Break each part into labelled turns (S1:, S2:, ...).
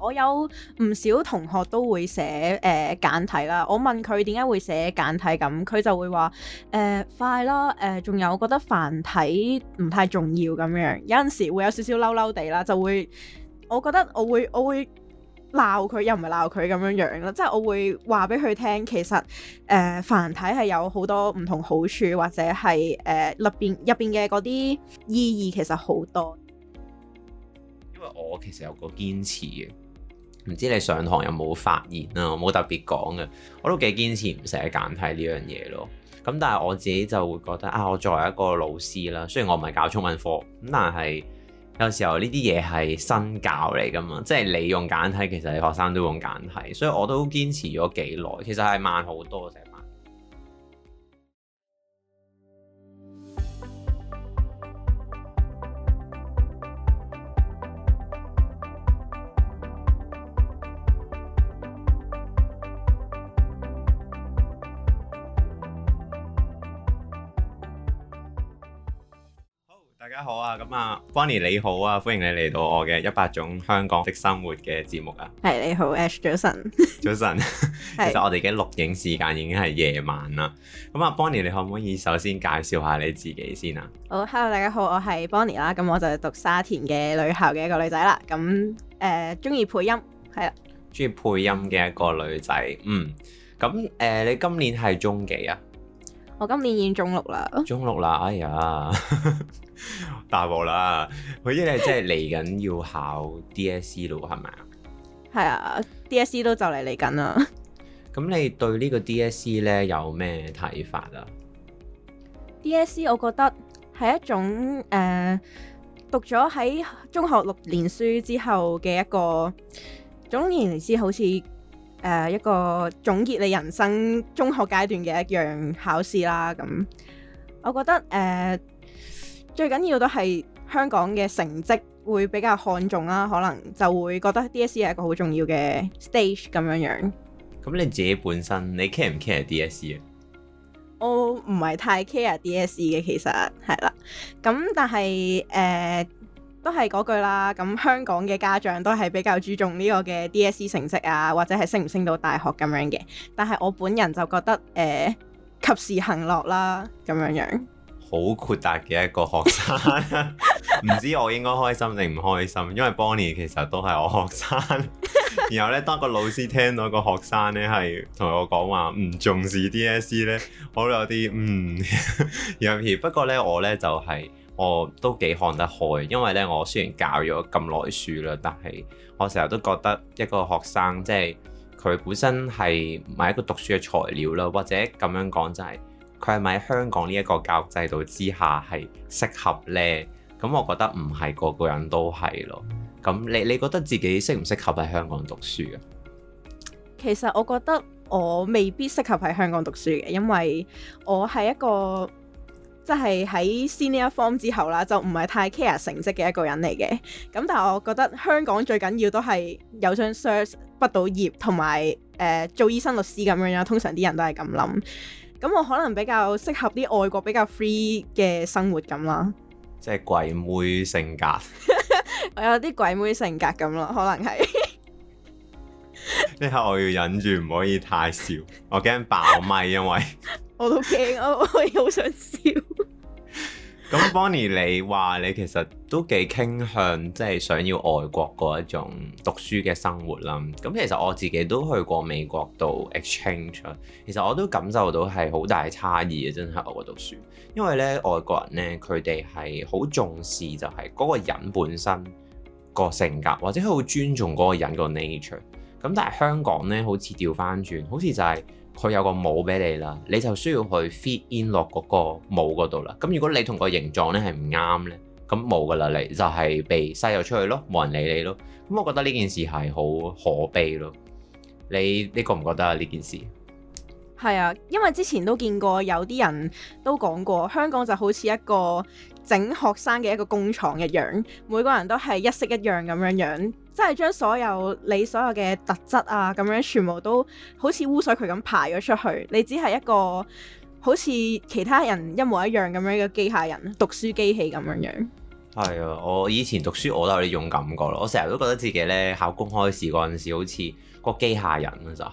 S1: 我有唔少同學都會寫誒、呃、簡體啦，我問佢點解會寫簡體咁，佢就會話誒、呃、快啦，誒、呃、仲有我覺得繁體唔太重要咁樣，有陣時會有少少嬲嬲地啦，就會我覺得我會我會鬧佢又唔係鬧佢咁樣樣咯，即係我會話俾佢聽，其實誒、呃、繁體係有好多唔同好處，或者係誒入邊入邊嘅嗰啲意義其實好多。
S2: 因為我其實有個堅持嘅。唔知你上堂有冇發現啊？冇特別講嘅，我都幾堅持唔寫簡體呢樣嘢咯。咁但係我自己就會覺得啊，我作為一個老師啦，雖然我唔係教中文科，咁但係有時候呢啲嘢係新教嚟噶嘛，即係你用簡體，其實你學生都用簡體，所以我都堅持咗幾耐，其實係慢好多成。好啊，咁啊，Bonnie 你好啊，歡迎你嚟到我嘅一百種香港的生活嘅節目啊。
S1: 係，你好 Ash，早晨，早晨，
S2: 早晨 是。其實我哋嘅錄影時間已經係夜晚啦。咁啊，Bonnie 你可唔可以首先介紹下你自己先啊？
S1: 好，hello 大家好，我係 Bonnie 啦。咁我就讀沙田嘅女校嘅一個女仔啦。咁誒、中、呃、意配音係啊，
S2: 中意配音嘅一個女仔。嗯，咁誒、呃，你今年係中幾啊？
S1: 我今年已經中六啦，
S2: 中六啦，哎呀， 大鑊啦，佢依家真係嚟緊要考 DSE 咯，係咪 啊？
S1: 係啊，DSE 都就嚟嚟緊啦。
S2: 咁你對個呢個 DSE 咧有咩睇法啊
S1: ？DSE 我覺得係一種誒、呃，讀咗喺中學六年書之後嘅一個，總而言之好似。誒、呃、一個總結你人生中學階段嘅一樣考試啦，咁、嗯、我覺得誒、呃、最緊要都係香港嘅成績會比較看重啦，可能就會覺得 DSE 係一個好重要嘅 stage 咁樣樣。
S2: 咁你自己本身你 care 唔 care DSE 啊？
S1: 我唔係太 care DSE 嘅，其實係啦。咁、嗯、但係誒、呃都係嗰句啦，咁香港嘅家長都係比較注重呢個嘅 DSE 成績啊，或者係升唔升到大學咁樣嘅。但係我本人就覺得，誒、呃，及時行樂啦，咁樣樣。
S2: 好豁達嘅一個學生，唔 知我應該開心定唔開心，因為 Bonnie 其實都係我學生。然後呢，當個老師聽到個學生呢係同我講話唔重視 DSE 呢，我都有啲嗯 不過呢，我呢就係、是。我都幾看得開，因為咧，我雖然教咗咁耐書啦，但係我成日都覺得一個學生即係佢本身係唔係一個讀書嘅材料啦，或者咁樣講就係佢係咪喺香港呢一個教育制度之下係適合呢？咁我覺得唔係個個人都係咯。咁你你覺得自己適唔適合喺香港讀書啊？
S1: 其實我覺得我未必適合喺香港讀書嘅，因為我係一個。即係 senior form 之後啦，就唔係太 care 成績嘅一個人嚟嘅。咁但係我覺得香港最緊要都係有張 cert 畢到業同埋誒做醫生、律師咁樣啦。通常啲人都係咁諗。咁我可能比較適合啲外國比較 free 嘅生活咁啦。
S2: 即係鬼妹性格，
S1: 我有啲鬼妹性格咁咯，可能係。
S2: 即刻我要忍住唔可以太笑，我驚爆咪，因為
S1: 我都驚，我我好想笑。
S2: 咁 Bonnie，你話你其實都幾傾向即係、就是、想要外國嗰一種讀書嘅生活啦。咁其實我自己都去過美國度 exchange，其實我都感受到係好大差異嘅，真係外國讀書。因為咧，外國人咧，佢哋係好重視就係嗰個人本身個性格，或者佢好尊重嗰個人個 nature。咁但係香港咧，好似調翻轉，好似就係佢有個帽俾你啦，你就需要去 fit in 落嗰個帽嗰度啦。咁如果你同個形狀咧係唔啱咧，咁冇噶啦，你就係被篩咗出去咯，冇人理你咯。咁我覺得呢件事係好可悲咯。你你覺唔覺得啊？呢件事
S1: 係啊，因為之前都見過有啲人都講過，香港就好似一個整學生嘅一個工廠一樣，每個人都係一式一樣咁樣樣。即係將所有你所有嘅特質啊，咁樣全部都好似污水渠咁排咗出去，你只係一個好似其他人一模一樣咁樣嘅機械人、讀書機器咁樣樣。
S2: 係啊，我以前讀書我都有呢種感覺咯。我成日都覺得自己咧考公開試嗰陣時，好似個機械人啊、就是，就係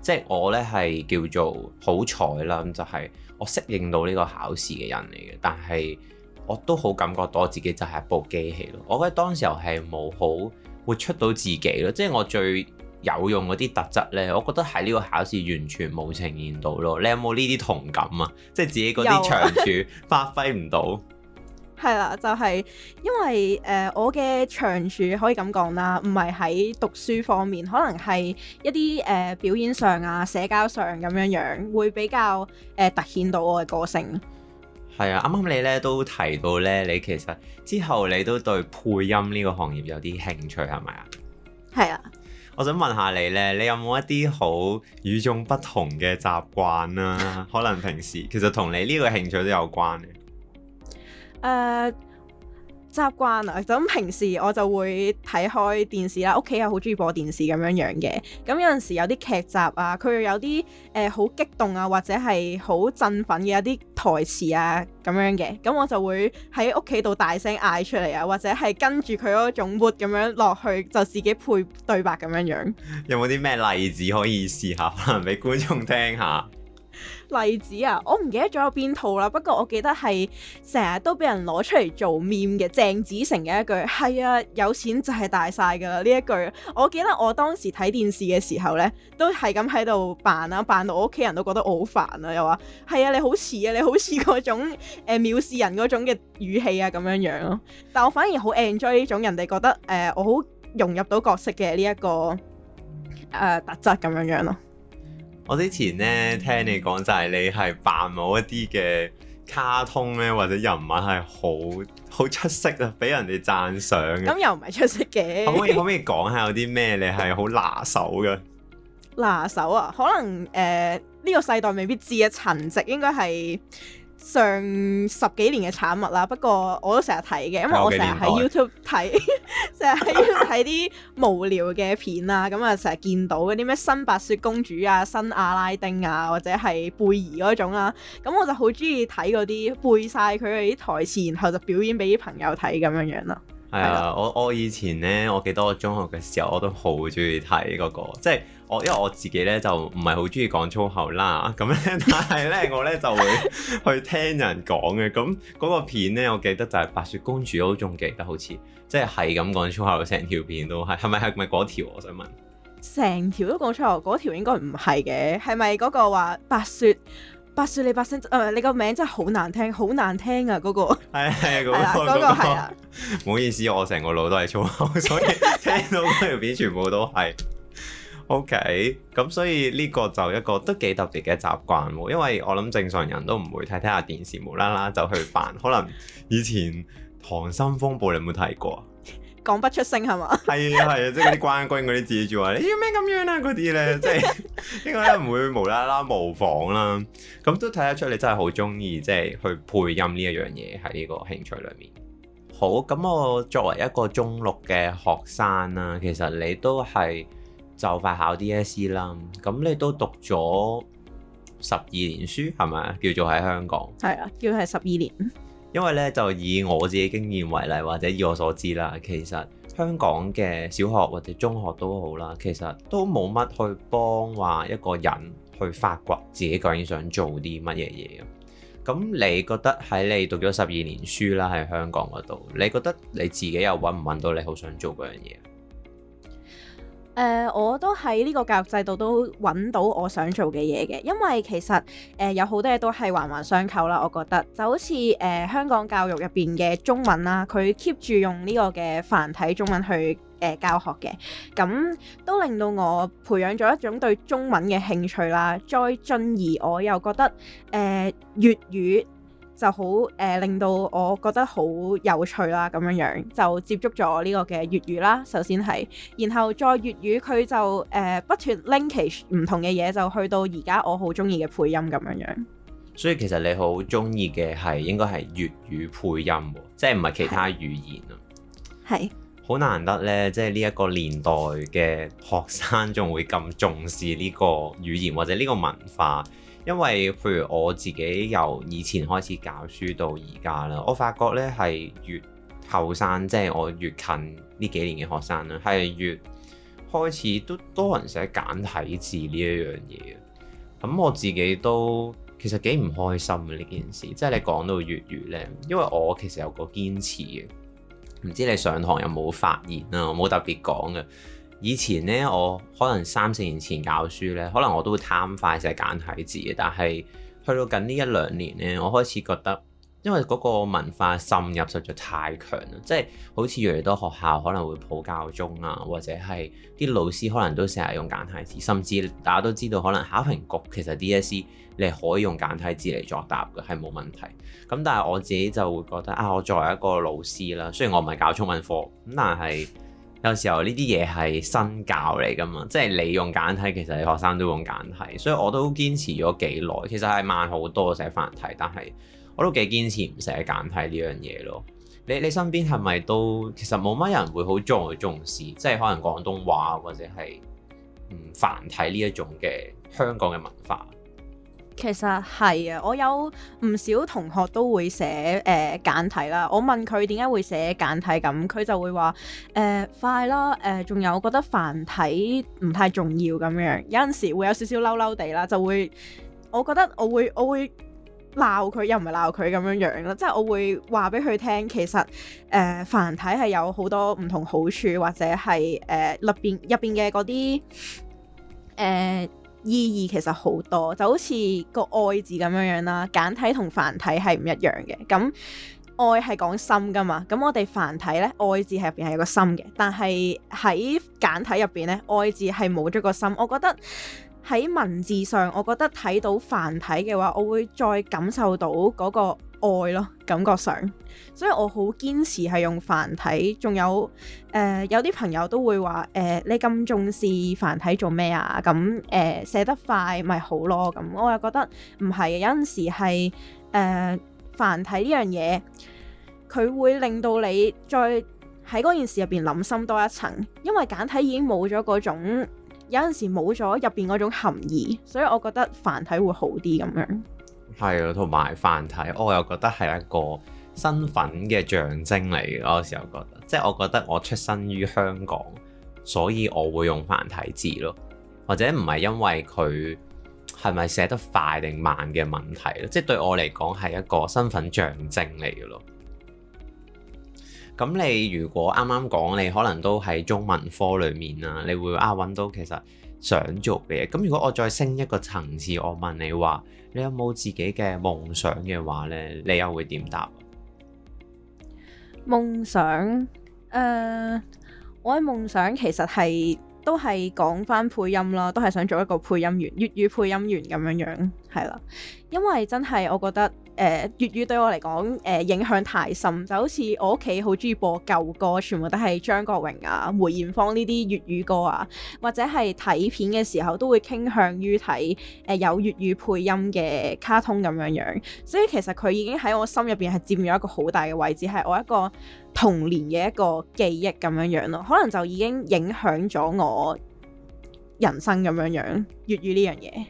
S2: 即係我咧係叫做好彩啦，咁就係、是、我適應到呢個考試嘅人嚟嘅。但係我都好感覺到我自己就係一部機器咯。我覺得當時候係冇好。會出到自己咯，即係我最有用嗰啲特質呢，我覺得喺呢個考試完全冇呈現到咯。你有冇呢啲同感啊？即係自己嗰啲長處 發揮唔到，
S1: 係啦、 啊，就係、是、因為誒、呃、我嘅長處可以咁講啦，唔係喺讀書方面，可能係一啲誒、呃、表演上啊、社交上咁樣樣，會比較誒、呃、突顯到我嘅個性。
S2: 係啊，啱啱你咧都提到咧，你其實之後你都對配音呢個行業有啲興趣係咪啊？係啊，我想問下你咧，你有冇一啲好與眾不同嘅習慣啊？ 可能平時其實同你呢個興趣都有關嘅。
S1: 誒、uh。習慣啊，咁平時我就會睇開電視啦。屋企又好中意播電視咁樣樣嘅。咁有陣時有啲劇集啊，佢又有啲誒好激動啊，或者係好振奮嘅一啲台詞啊咁樣嘅。咁我就會喺屋企度大聲嗌出嚟啊，或者係跟住佢嗰種 move 咁樣落去，就自己配對白咁樣樣。
S2: 有冇啲咩例子可以試下，可能俾觀眾聽下？
S1: 例子啊，我唔記得咗有邊套啦。不過我記得係成日都俾人攞出嚟做 meme 嘅鄭子誠嘅一句係啊，有錢就係大晒噶啦呢一句。我記得我當時睇電視嘅時候咧，都係咁喺度扮啊。扮到我屋企人都覺得我好煩啊，又話係啊，你好似啊，你好似嗰種、呃、藐視人嗰種嘅語氣啊咁樣樣、啊、咯。但我反而好 enjoy 呢種人哋覺得誒、呃、我好融入到角色嘅呢一個誒、呃、特質咁樣樣、啊、咯。
S2: 我之前咧聽你講就係你係扮某一啲嘅卡通咧，或者人物係好好出色啊，俾人哋讚賞嘅。咁
S1: 又唔係出色嘅。可唔可以，可唔
S2: 可以講下有啲咩你係好拿手嘅？
S1: 拿手啊，可能誒呢、呃呢個世代未必知啊，陳直應該係。上十幾年嘅產物啦，不過我都成日睇嘅，因為我成日喺 YouTube 睇，成日喺 YouTube 睇啲無聊嘅片啊。咁啊成日見到嗰啲咩新白雪公主啊、新阿拉丁啊，或者係貝兒嗰種啦、啊，咁、嗯、我就好中意睇嗰啲背晒佢哋啲台詞，然後就表演俾啲朋友睇咁樣樣咯。
S2: 係啊、哎呀，的我我以前呢，我記得我中學嘅時候，我都好中意睇嗰個即係。我因為我自己咧，就唔係好中意講粗口啦，咁咧，但係咧我咧就會去聽人講嘅，咁嗰 個片咧我記得就係、是、白雪公主，我都仲記得，好似即係咁講粗口成條片都係，係咪係咪嗰條？我想問，
S1: 成條都講粗口，嗰條應該唔係嘅，係咪嗰個話白雪白雪你白聲，誒、呃、你個名真係好難聽，好難聽啊嗰、那個，
S2: 係係嗰個，嗰、那個係，唔 好意思，我成個腦都係粗口，所以聽到嗰條片全部都係。O K，咁所以呢個就一個都幾特別嘅習慣，因為我諗正常人都唔會睇睇下電視，無啦啦就去扮。可能以前《溏心風暴》你有冇睇過？
S1: 講不出聲
S2: 係嘛？係啊係啊，即係啲軍官嗰啲字幕話你要咩咁樣啦，嗰啲咧，即係應該唔會無啦啦模仿啦。咁都睇得出你真係好中意即係去配音呢一樣嘢喺呢個興趣裏面。好，咁我作為一個中六嘅學生啦，其實你都係。就快考 DSE 啦，咁你都讀咗十二年書係咪？叫做喺香港？
S1: 係啊，叫係十二年。
S2: 因為咧就以我自己經驗為例，或者以我所知啦，其實香港嘅小學或者中學都好啦，其實都冇乜去幫話一個人去發掘自己究竟想做啲乜嘢嘢。咁你覺得喺你讀咗十二年書啦，喺香港嗰度，你覺得你自己又揾唔揾到你好想做嗰樣嘢？
S1: 誒，uh, 我都喺呢個教育制度都揾到我想做嘅嘢嘅，因為其實誒、uh, 有好多嘢都係環環相扣啦，我覺得就好似誒、uh, 香港教育入邊嘅中文啦、啊，佢 keep 住用呢個嘅繁體中文去誒、uh, 教學嘅，咁都令到我培養咗一種對中文嘅興趣啦。再進而我又覺得誒、uh, 粵語，就好誒、呃，令到我覺得好有趣啦，咁樣樣就接觸咗呢個嘅粵語啦。首先係，然後再粵語佢就誒、呃、不斷 linkage 唔同嘅嘢，就去到而家我好中意嘅配音咁樣樣。
S2: 所以其實你好中意嘅係應該係粵語配音喎，即係唔係其他語言啊？係好是難得呢，即係呢一個年代嘅學生仲會咁重視呢個語言或者呢個文化。因為譬如我自己由以前開始教書到而家啦，我發覺咧係越後生，即係我越近呢幾年嘅學生啦，係越開始都多人寫簡體字呢一樣嘢嘅。咁我自己都其實幾唔開心嘅呢件事，即係你講到粵語咧，因為我其實有個堅持嘅，唔知你上堂有冇發言啊？我冇特別講嘅。以前咧，我可能三四年前教書咧，可能我都會貪快寫簡體字嘅。但係去到近呢一兩年咧，我開始覺得，因為嗰個文化滲入實在太強啦，即係好似越嚟越多學校可能會普教中啊，或者係啲老師可能都成日用簡體字，甚至大家都知道，可能考評局其實 DSE 你可以用簡體字嚟作答嘅，係冇問題。咁但係我自己就會覺得啊，我作為一個老師啦，雖然我唔係教中文課，咁但係。有時候呢啲嘢係新教嚟㗎嘛，即係你用簡體，其實你學生都用簡體，所以我都堅持咗幾耐。其實係慢好多寫繁體，但係我都幾堅持唔寫簡體呢樣嘢咯。你你身邊係咪都其實冇乜人會好去重視，即係可能廣東話或者係繁體呢一種嘅香港嘅文化？
S1: 其實係啊，我有唔少同學都會寫誒、呃、簡體啦。我問佢點解會寫簡體咁，佢就會話誒、呃、快啦。誒、呃，仲有我覺得繁體唔太重要咁樣，有陣時會有少少嬲嬲地啦，就會我覺得我會我會鬧佢，又唔係鬧佢咁樣樣咯。即係我會話俾佢聽，其實誒、呃、繁體係有好多唔同好處，或者係誒入邊入邊嘅嗰啲誒。呃意義其實好多，就好似個愛字咁樣樣啦。簡體同繁體係唔一樣嘅，咁、嗯、愛係講心㗎嘛。咁、嗯、我哋繁體呢，愛字係入邊係有個心嘅，但係喺簡體入邊呢，愛字係冇咗個心。我覺得喺文字上，我覺得睇到繁體嘅話，我會再感受到嗰、那個。愛咯，感覺上，所以我好堅持係用繁體。仲有誒、呃，有啲朋友都會話誒、呃，你咁重視繁體做咩啊？咁誒，寫、呃、得快咪好咯？咁我又覺得唔係，有陣時係誒、呃、繁體呢樣嘢，佢會令到你再喺嗰件事入邊諗深多一層，因為簡體已經冇咗嗰種，有陣時冇咗入邊嗰種含義，所以我覺得繁體會好啲咁樣。
S2: 係啊，同埋繁體，我又覺得係一個身份嘅象徵嚟。我有時候覺得，即係我覺得我出生於香港，所以我會用繁體字咯。或者唔係因為佢係咪寫得快定慢嘅問題咯。即係對我嚟講係一個身份象徵嚟嘅咯。咁你如果啱啱講，你可能都喺中文科裡面啊，你會啊揾到其實。想做嘅嘢，咁如果我再升一個層次，我問你話，你有冇自己嘅夢想嘅話呢，你又會點答？
S1: 夢想，誒，uh，我嘅夢想其實係都係講翻配音啦，都係想做一個配音員，粵語配音員咁樣樣，係啦，因為真係我覺得。誒、呃、粵語對我嚟講誒影響太深，就好似我屋企好中意播舊歌，全部都係張國榮啊、梅艷芳呢啲粵語歌啊，或者係睇片嘅時候都會傾向於睇誒、呃、有粵語配音嘅卡通咁樣樣，所以其實佢已經喺我心入邊係佔咗一個好大嘅位置，係我一個童年嘅一個記憶咁樣樣咯，可能就已經影響咗我人生咁樣樣，粵語呢樣嘢。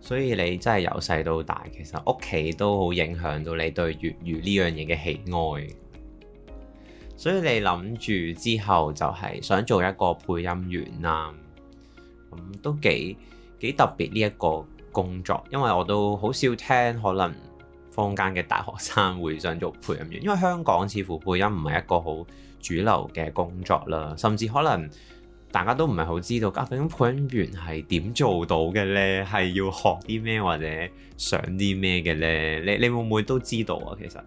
S2: 所以你真係由細到大，其實屋企都好影響到你對粵語呢樣嘢嘅喜愛。所以你諗住之後就係想做一個配音員啦，嗯，都幾幾特別呢一個工作，因為我都好少聽可能坊間嘅大學生會想做配音員，因為香港似乎配音唔係一個好主流嘅工作啦，甚至可能。大家都唔係好知道，啊、究竟配音員係點做到嘅呢？係要學啲咩或者想啲咩嘅呢？你你會唔會都知道啊？其實
S1: 誒、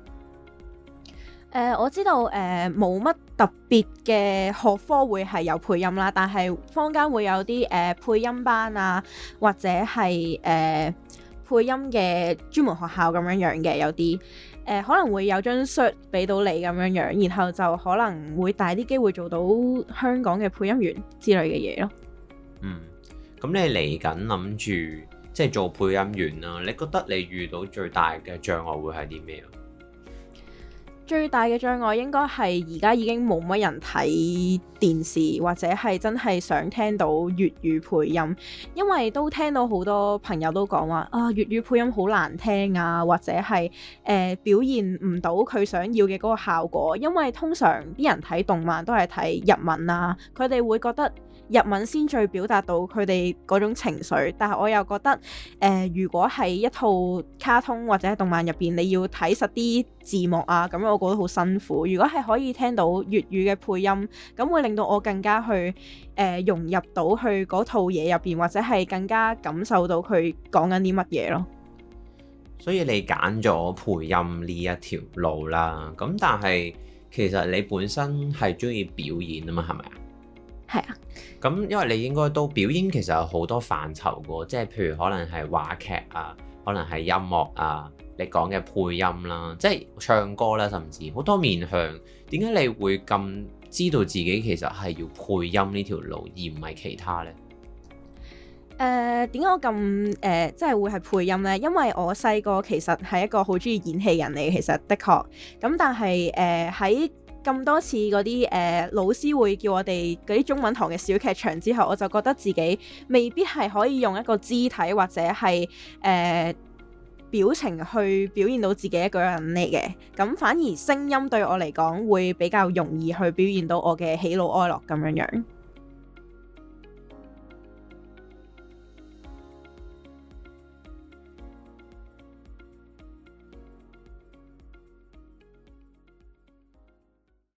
S1: 呃，我知道誒冇乜特別嘅學科會係有配音啦，但係坊間會有啲誒、呃、配音班啊，或者係誒、呃、配音嘅專門學校咁樣樣嘅有啲。誒、呃、可能會有張 cert 俾到你咁樣樣，然後就可能會大啲機會做到香港嘅配音員之類嘅嘢咯。
S2: 嗯，咁你嚟緊諗住即係做配音員啊，你覺得你遇到最大嘅障礙會係啲咩啊？
S1: 最大嘅障礙應該係而家已經冇乜人睇電視或者係真係想聽到粵語配音，因為都聽到好多朋友都講話啊粵語配音好難聽啊，或者係誒、呃、表現唔到佢想要嘅嗰個效果。因為通常啲人睇動漫都係睇日文啊，佢哋會覺得日文先最表達到佢哋嗰種情緒，但係我又覺得誒、呃，如果係一套卡通或者動漫入邊，你要睇實啲字幕啊，咁我覺得好辛苦。如果係可以聽到粵語嘅配音，咁會令到我更加去、呃、融入到去嗰套嘢入邊，或者係更加感受到佢講緊啲乜嘢咯。
S2: 所以你揀咗配音呢一條路啦，咁但係其實你本身係中意表演啊嘛，係咪啊？係啊。咁因為你應該都表演，其實有好多範疇噶，即係譬如可能係話劇啊，可能係音樂啊。你講嘅配音啦，即係唱歌啦，甚至好多面向。點解你會咁知道自己其實係要配音呢條路，而唔係其他呢？
S1: 誒，點解我咁誒即係會係配音呢？因為我細個其實係一個好中意演戲人嚟，其實的確咁。但係誒喺咁多次嗰啲誒老師會叫我哋嗰啲中文堂嘅小劇場之後，我就覺得自己未必係可以用一個肢體或者係誒。呃表情去表現到自己一個人嚟嘅，咁反而聲音對我嚟講會比較容易去表現到我嘅喜怒哀樂咁樣樣。